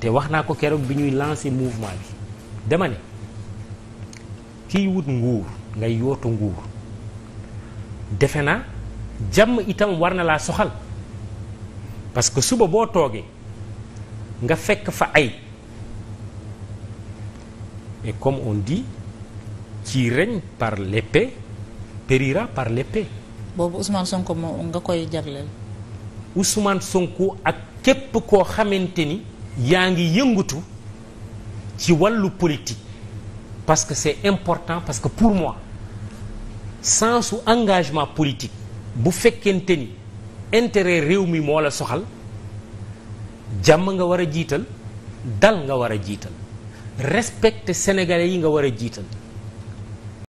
te wax naa ko keroog bi ñuy lancer mouvement bi demal ne kiy wut nguur ngay yootu nguur defe naa jàmm itam war na laa soxal parce que suba boo toogee nga fekk fa ay et comme on dit qui règne par l'épée périra par l'épée boobu Ousmane Sonko moo nga koy jagleel Ousmane Sonko ak képp koo xamante ni yaa ngi yëngatu ci wàllu politique parce que c'est important parce que pour moi sensu engagement politique bu fekkente ni intérêt réew mi moo la soxal jàmm nga war a jiital dal nga war a jiital respecter sénégalais yi nga war a jiital